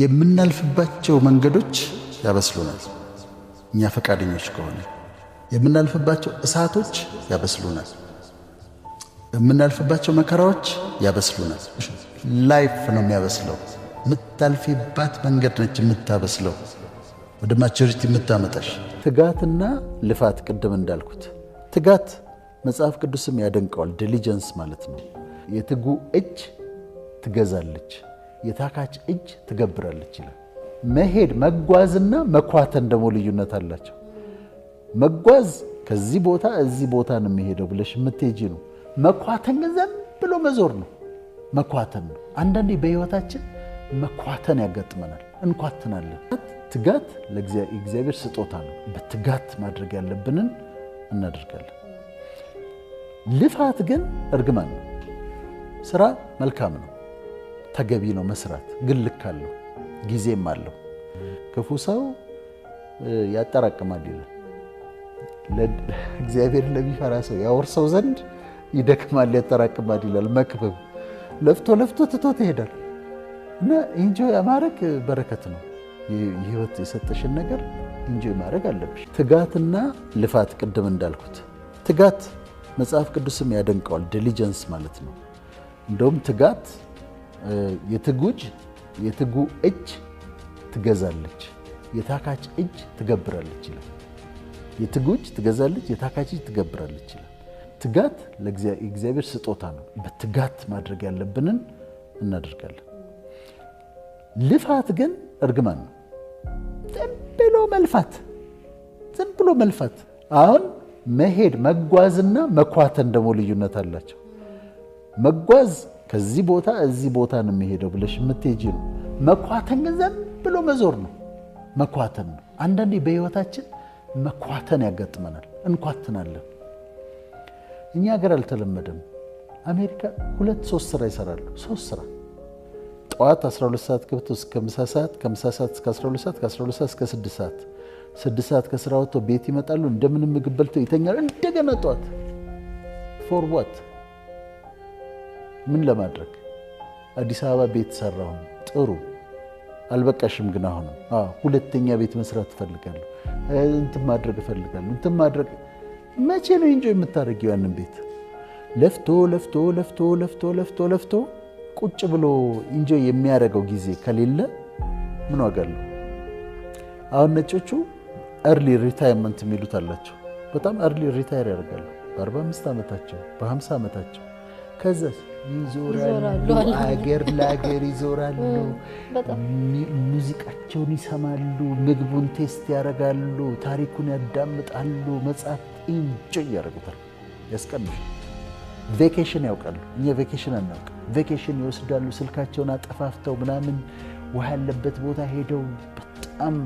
የምናልፍባቸው መንገዶች ያበስሉናል እኛ ፈቃደኞች ከሆነ የምናልፍባቸው እሳቶች ያበስሉናል። የምናልፍባቸው መከራዎች ያበስሉናል። ላይፍ ነው የሚያበስለው። የምታልፊባት መንገድ ነች የምታበስለው፣ ወደ ማቸሪቲ የምታመጣሽ። ትጋትና ልፋት ቅድም እንዳልኩት ትጋት መጽሐፍ ቅዱስም ያደንቀዋል። ዲሊጀንስ ማለት ነው። የትጉ እጅ ትገዛለች። የታካች እጅ ትገብራለች ይላል። መሄድ መጓዝና መኳተን ደግሞ ልዩነት አላቸው። መጓዝ ከዚህ ቦታ እዚህ ቦታ ነው የሚሄደው ብለሽ የምትሄጂ ነው። መኳተን ግን ዝም ብሎ መዞር ነው። መኳተን ነው። አንዳንዴ በህይወታችን መኳተን ያጋጥመናል፣ እንኳትናለን። ትጋት ለእግዚአብሔር ስጦታ ነው። በትጋት ማድረግ ያለብንን እናደርጋለን። ልፋት ግን እርግማን ነው። ስራ መልካም ነው። ተገቢ ነው መስራት፣ ግን ልክ አለው፣ ጊዜም አለው። ክፉ ሰው ያጠራቅማል ይላል። እግዚአብሔር ለሚፈራ ሰው ያወርሰው ዘንድ ይደክማል፣ ያጠራቅማል ይላል መክብብ። ለፍቶ ለፍቶ ትቶ ትሄዳል እና እንጆ ማድረግ በረከት ነው። የህይወት የሰጠሽን ነገር እንጆ ማድረግ አለብሽ። ትጋትና ልፋት፣ ቅድም እንዳልኩት ትጋት መጽሐፍ ቅዱስም ያደንቀዋል። ዲሊጀንስ ማለት ነው። እንደውም ትጋት የትጉጅ የትጉ እጅ ትገዛለች፣ የታካች እጅ ትገብራለች ይላል። የትጉጅ ትገዛለች፣ የታካች እጅ ትገብራለች ይላል። ትጋት የእግዚአብሔር ስጦታ ነው። በትጋት ማድረግ ያለብንን እናደርጋለን። ልፋት ግን እርግማን ነው። ዝም ብሎ መልፋት ዝም ብሎ መልፋት። አሁን መሄድ መጓዝና መኳተን ደግሞ ልዩነት አላቸው። መጓዝ ከዚህ ቦታ እዚህ ቦታ ነው የሚሄደው ብለሽ የምትሄጂ ነው። መኳተን ግን ዘን ብሎ መዞር ነው፣ መኳተን ነው። አንዳንዴ በህይወታችን መኳተን ያጋጥመናል፣ እንኳትናለን። እኛ ሀገር አልተለመደም። አሜሪካ ሁለት ሶስት ስራ ይሰራሉ። ሶስት ስራ ጠዋት 12 ሰዓት ገብቶ እስከ ምሳ ሰዓት፣ ከምሳ ሰዓት እስከ 12 ሰዓት፣ ከ12 ሰዓት እስከ 6 ሰዓት። 6 ሰዓት ከስራ ወጥቶ ቤት ይመጣሉ። እንደምንም ምግብ በልተው ይተኛሉ። እንደገና ጠዋት ፎር ዋት ምን ለማድረግ አዲስ አበባ ቤት ሰራሁ። ጥሩ አልበቃሽም ግን አሁን ሁለተኛ ቤት መስራት እፈልጋለሁ፣ እንትን ማድረግ እፈልጋለሁ፣ እንትን ማድረግ መቼ ነው እንጆ የምታደርጊው ያንን ቤት ለፍቶ ለፍቶ ለፍቶ ለፍቶ ለፍቶ ለፍቶ ቁጭ ብሎ እንጆ የሚያደርገው ጊዜ ከሌለ ምን ዋጋ አለው? አሁን ነጮቹ እርሊ ሪታይርመንት የሚሉት አላቸው። በጣም እርሊ ሪታይር ያደርጋሉ በ45 ዓመታቸው በ50 ዓመታቸው ከዘስ ይዞራሉ፣ አገር ለአገር ይዞራሉ። ሙዚቃቸውን ይሰማሉ፣ ምግቡን ቴስት ያደርጋሉ፣ ታሪኩን ያዳምጣሉ። መጽሐፍ እንጭ ያደርጉታል፣ ያስቀምሽ ቬኬሽን ያውቃሉ፣ እኛ ቬኬሽን አናውቅ ቬኬሽን ይወስዳሉ፣ ስልካቸውን አጠፋፍተው ምናምን ውሃ ያለበት ቦታ ሄደው በጣም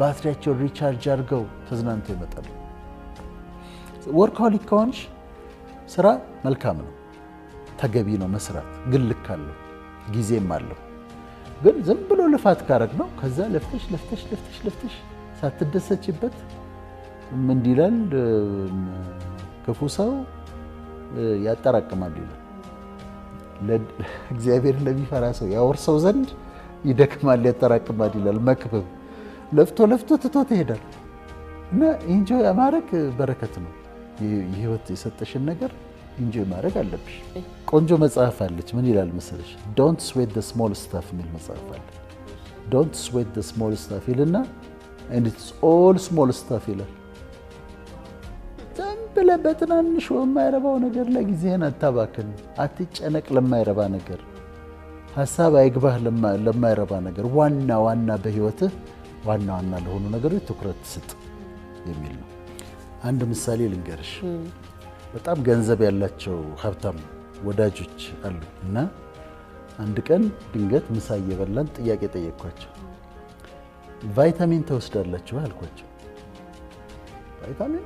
ባትሪያቸውን ሪቻርጅ አድርገው ተዝናንተው ይመጣሉ። ወርካሊክ ከሆንሽ ስራ መልካም ነው። ተገቢ ነው መስራት፣ ግን ልክ አለው ጊዜም አለው። ግን ዝም ብሎ ልፋት ካረግ ነው ከዛ ለፍተሽ ለፍተሽ ለፍተሽ ለፍተሽ ሳትደሰችበት እንዲላል ክፉ ሰው ያጠራቅማል ይላል። እግዚአብሔር ለሚፈራ ሰው ያወርሰው ዘንድ ይደክማል ያጠራቅማል ይላል መክብብ። ለፍቶ ለፍቶ ትቶ ትሄዳል እና ኢንጆይ ማድረግ በረከት ነው። የህይወት የሰጠሽን ነገር ኢንጆይ ማድረግ አለብሽ። ቆንጆ መጽሐፍ አለች። ምን ይላል መሰለሽ? ዶንት ስዌት ዘ ስሞል ስታፍ የሚል መጽሐፍ አለ። ዶንት ስዌት ዘ ስሞል ስታፍ ይልና ኤንድ ኢትስ ኦል ስሞል ስታፍ ይላል። ዝም ብለህ በትናንሽ የማይረባው ነገር ላይ ጊዜህን አታባክን። አትጨነቅ ለማይረባ ነገር፣ ሀሳብ አይግባህ ለማይረባ ነገር። ዋና ዋና በህይወትህ ዋና ዋና ለሆኑ ነገሮች ትኩረት ስጥ የሚል ነው። አንድ ምሳሌ ልንገርሽ። በጣም ገንዘብ ያላቸው ሀብታም ወዳጆች አሉ እና አንድ ቀን ድንገት ምሳ እየበላን ጥያቄ ጠየቅኳቸው። ቫይታሚን ተወስዳላችሁ አልኳቸው። ቫይታሚን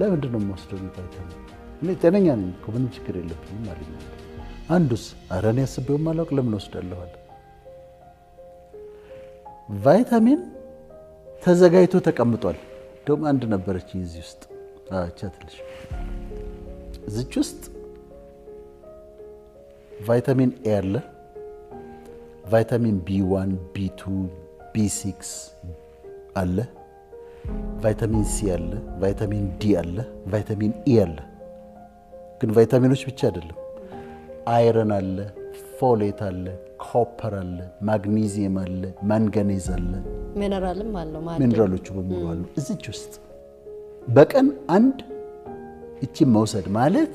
ለምንድን ነው የምወስደው? ቫይታሚን እኔ ጤነኛ ነኝ እኮ ምንም ችግር የለብኝም አለኝ። አንዱስ ኧረ እኔ አስቤውም አላውቅ ለምን ወስዳለሁ አለ። ቫይታሚን ተዘጋጅቶ ተቀምጧል። እንደውም አንድ ነበረች እዚህ ውስጥ ቻ ትልሽ እዚች ውስጥ ቫይታሚን ኤ አለ፣ ቫይታሚን ቢ ዋን፣ ቢ ቱ፣ ቢ ሲክስ አለ፣ ቫይታሚን ሲ አለ፣ ቫይታሚን ዲ አለ፣ ቫይታሚን ኢ አለ። ግን ቫይታሚኖች ብቻ አይደለም፣ አይረን አለ፣ ፎሌት አለ፣ ኮፐር አለ፣ ማግኒዚየም አለ፣ ማንገኔዝ አለ፣ ሚነራልም አለው። ሚነራሎቹ በሙሉ አሉ እዚች ውስጥ በቀን አንድ እቺ መውሰድ ማለት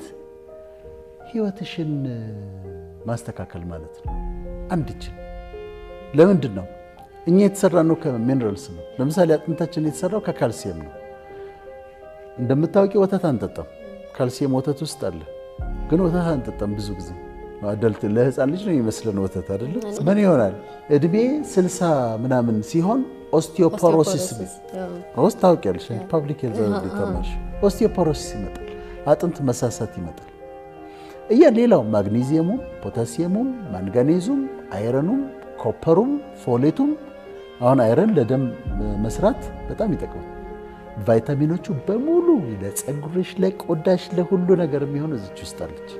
ህይወትሽን ማስተካከል ማለት ነው። አንድችን ለምንድን ነው እኛ የተሰራነው ከሚኔራልስ ነው። ለምሳሌ አጥንታችን የተሰራው ከካልሲየም ነው። እንደምታወቂ ወተት አንጠጣም። ካልሲየም ወተት ውስጥ አለ፣ ግን ወተት አንጠጣም ብዙ ጊዜ አደልት ለህፃን ልጅ ነው የሚመስለን ወተት አይደለም። ምን ይሆናል እድሜ ስልሳ ምናምን ሲሆን ኦስቲዮፖሮሲስ ስ ታውቂያለሽ፣ ፐብሊክ ሄልዝ ተማሽ ኦስቲዮፖሮሲስ ይመጣል። አጥንት መሳሳት ይመጣል። እያ ሌላው ማግኒዚየሙም ፖታሲየሙም፣ ማንጋኔዙም፣ አይረኑም፣ ኮፐሩም፣ ፎሌቱም አሁን አይረን ለደም መስራት በጣም ይጠቅማል። ቫይታሚኖቹ በሙሉ ለፀጉርሽ፣ ለቆዳሽ፣ ለሁሉ ነገር የሚሆን እዚች ውስጥ አለች።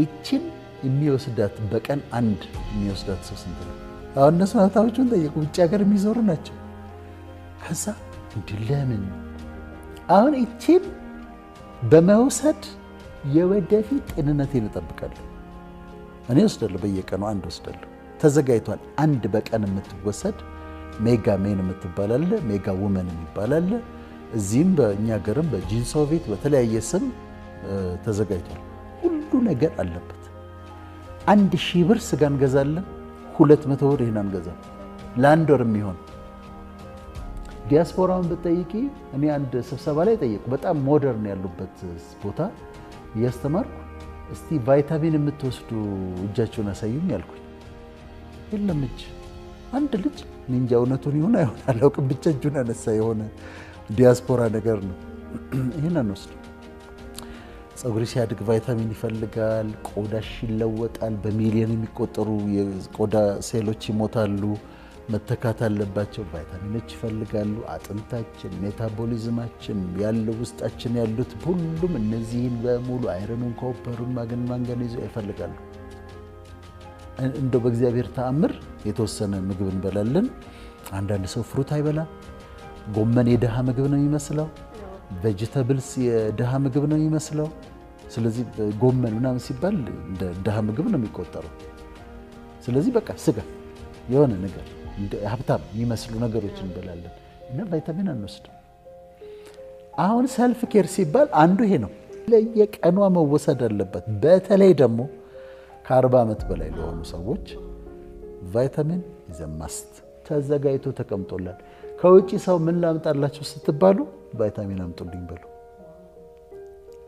ይችን የሚወስዳት በቀን አንድ የሚወስዳት ሰው ስንት ነው? አሁን እነሱ ናታዎቹን ጠየቁ። ውጭ ሀገር የሚዞሩ ናቸው። ከዛ እንዲ ለምን አሁን ይችን በመውሰድ የወደፊት ጤንነቴን እጠብቃለሁ። እኔ ወስዳለሁ፣ በየቀኑ አንድ ወስዳለሁ። ተዘጋጅቷል። አንድ በቀን የምትወሰድ ሜጋ ሜን የምትባላለ ሜጋ ውመን የሚባላለ እዚህም በእኛ ገርም በጂንሶ በተለያየ ስም ተዘጋጅቷል። ሁሉ ነገር አለበት። አንድ ሺህ ብር ስጋ እንገዛለን። ሁለት መቶ ብር ይህን አንገዛም። ለአንድ ወር የሚሆን ዲያስፖራውን ብትጠይቂ እኔ አንድ ስብሰባ ላይ ጠየቁ። በጣም ሞደርን ያሉበት ቦታ እያስተማርኩ እስቲ ቫይታሚን የምትወስዱ እጃቸውን አሳዩኝ ያልኩኝ፣ የለም እጅ አንድ ልጅ እንጃ እውነቱን ይሁን አይሆን አላውቅም፣ ብቻ እጁን አነሳ። የሆነ ዲያስፖራ ነገር ነው። ይህን አንወስድ። ፀጉሪ ሲያድግ ቫይታሚን ይፈልጋል። ቆዳሽ ይለወጣል። በሚሊዮን የሚቆጠሩ የቆዳ ሴሎች ይሞታሉ። መተካት አለባቸው። ቫይታሚኖች ይፈልጋሉ። አጥንታችን፣ ሜታቦሊዝማችን ያለው ውስጣችን ያሉት ሁሉም እነዚህን በሙሉ አይረኑን፣ ኮፐሩን፣ ማግን ማንጋኒዙ ይፈልጋሉ። እንደው በእግዚአብሔር ተአምር የተወሰነ ምግብ እንበላለን። አንዳንድ ሰው ፍሩት አይበላም። ጎመን የድሃ ምግብ ነው የሚመስለው። ቬጅተብልስ የድሃ ምግብ ነው የሚመስለው። ስለዚህ ጎመን ምናምን ሲባል እንደ ድሃ ምግብ ነው የሚቆጠረው። ስለዚህ በቃ ስጋ የሆነ ነገር ሀብታም የሚመስሉ ነገሮች እንበላለን እና ቫይታሚን አንወስድም። አሁን ሰልፍ ኬር ሲባል አንዱ ይሄ ነው። ለየቀኗ መወሰድ አለበት። በተለይ ደግሞ ከ40 ዓመት በላይ ለሆኑ ሰዎች ቫይታሚን ይዘማስት ተዘጋጅቶ ተቀምጦላል። ከውጭ ሰው ምን ላምጣላቸው ስትባሉ ቫይታሚን አምጡልኝ በሉ።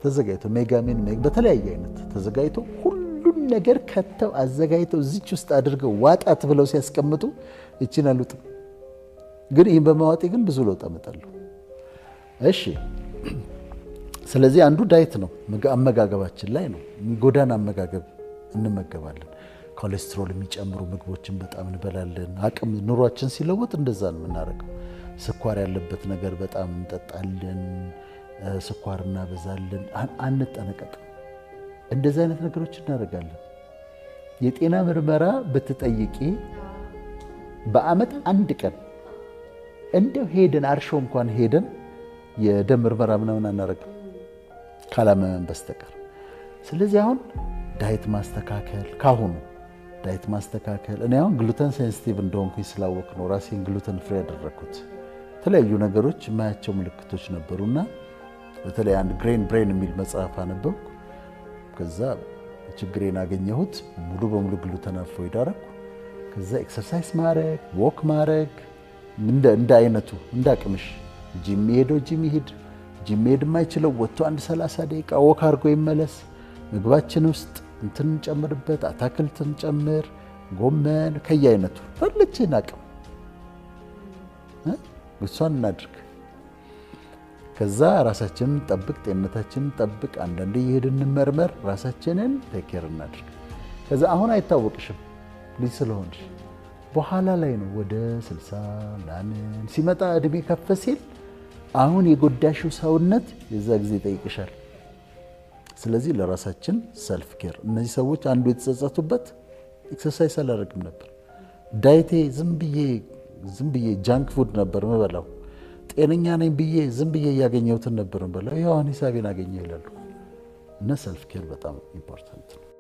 ተዘጋጅቶ ሜጋሚን በተለያየ አይነት ተዘጋጅቶ ሁሉ ነገር ከተው አዘጋጅተው እዚች ውስጥ አድርገው ዋጣት ብለው ሲያስቀምጡ ይችን አሉጥም። ግን ይህን በማዋጤ ግን ብዙ ለውጥ አመጣለሁ። እሺ፣ ስለዚህ አንዱ ዳይት ነው፣ አመጋገባችን ላይ ነው። ጎዳና አመጋገብ እንመገባለን። ኮሌስትሮል የሚጨምሩ ምግቦችን በጣም እንበላለን። አቅም ኑሯችን ሲለወጥ እንደዛ ነው የምናደርገው። ስኳር ያለበት ነገር በጣም እንጠጣለን፣ ስኳር እናበዛለን፣ አንጠነቀቅም። እንደዚህ አይነት ነገሮች እናደርጋለን። የጤና ምርመራ ብትጠይቂ በአመት አንድ ቀን እንደው ሄደን አርሾ እንኳን ሄደን የደም ምርመራ ምናምን አናደርግም ካላመመን በስተቀር። ስለዚህ አሁን ዳይት ማስተካከል ካሁኑ ዳይት ማስተካከል። እኔ አሁን ግሉተን ሴንስቲቭ እንደሆንኩኝ ስላወቅ ነው ራሴን ግሉተን ፍሬ ያደረግኩት። የተለያዩ ነገሮች የማያቸው ምልክቶች ነበሩና በተለይ አንድ ግሬን ብሬን የሚል መጽሐፍ አነበብኩ። ከዛ ችግሬን አገኘሁት። ሙሉ በሙሉ ግሉተን አቮይድ ይዳረኩ። ከዛ ኤክሰርሳይዝ ማድረግ ወክ ማድረግ እንደ አይነቱ እንደ አቅምሽ ጂም የሚሄደው ጂም ይሄድ፣ ጂም መሄድ የማይችለው ወጥቶ አንድ 30 ደቂቃ ወክ አድርጎ ይመለስ። ምግባችን ውስጥ እንትን እንጨምርበት፣ አታክልት እንጨምር፣ ጎመን ከየአይነቱ ፈለችን አቅም እሷን እናድርግ። ከዛ ራሳችንን ጠብቅ፣ ጤንነታችንን ጠብቅ፣ አንዳንድ እየሄድን እንመርመር፣ ራሳችንን ተኬር እናድርግ። ከዛ አሁን አይታወቅሽም ልጅ ስለሆንሽ በኋላ ላይ ነው ወደ ስልሳ ምናምን ሲመጣ እድሜ ከፍ ሲል አሁን የጎዳሽው ሰውነት የዛ ጊዜ ይጠይቅሻል። ስለዚህ ለራሳችን ሰልፍ ኬር። እነዚህ ሰዎች አንዱ የተጸጸቱበት ኤክሰርሳይስ አላደርግም ነበር፣ ዳይቴ ዝም ብዬ ጃንክ ፉድ ነበር ምበላው ጤነኛ ነኝ ብዬ ዝም ብዬ እያገኘሁትን ነበርን ብለው ያው አሁን ሂሳቤን አገኘ ይላሉ። እነ ሰልፍ ኬር በጣም ኢምፖርታንት ነው።